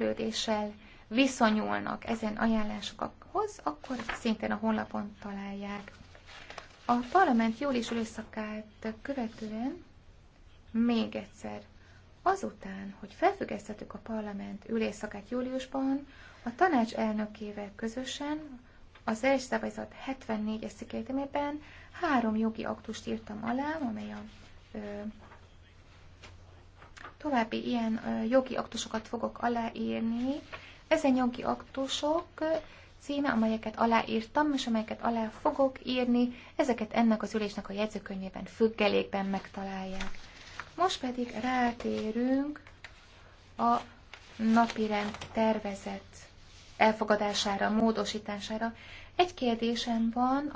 érdeklődéssel viszonyulnak ezen ajánlásokhoz, akkor szintén a honlapon találják. A parlament július őszakát követően még egyszer Azután, hogy felfüggesztettük a parlament ülésszakát júliusban, a tanács elnökével közösen az első szabályzat 74-es három jogi aktust írtam alá, amely a ö, további ilyen jogi aktusokat fogok aláírni. Ezen jogi aktusok címe, amelyeket aláírtam, és amelyeket alá fogok írni, ezeket ennek az ülésnek a jegyzőkönyvében, függelékben megtalálják. Most pedig rátérünk a napirend tervezett elfogadására, módosítására. Egy kérdésem van a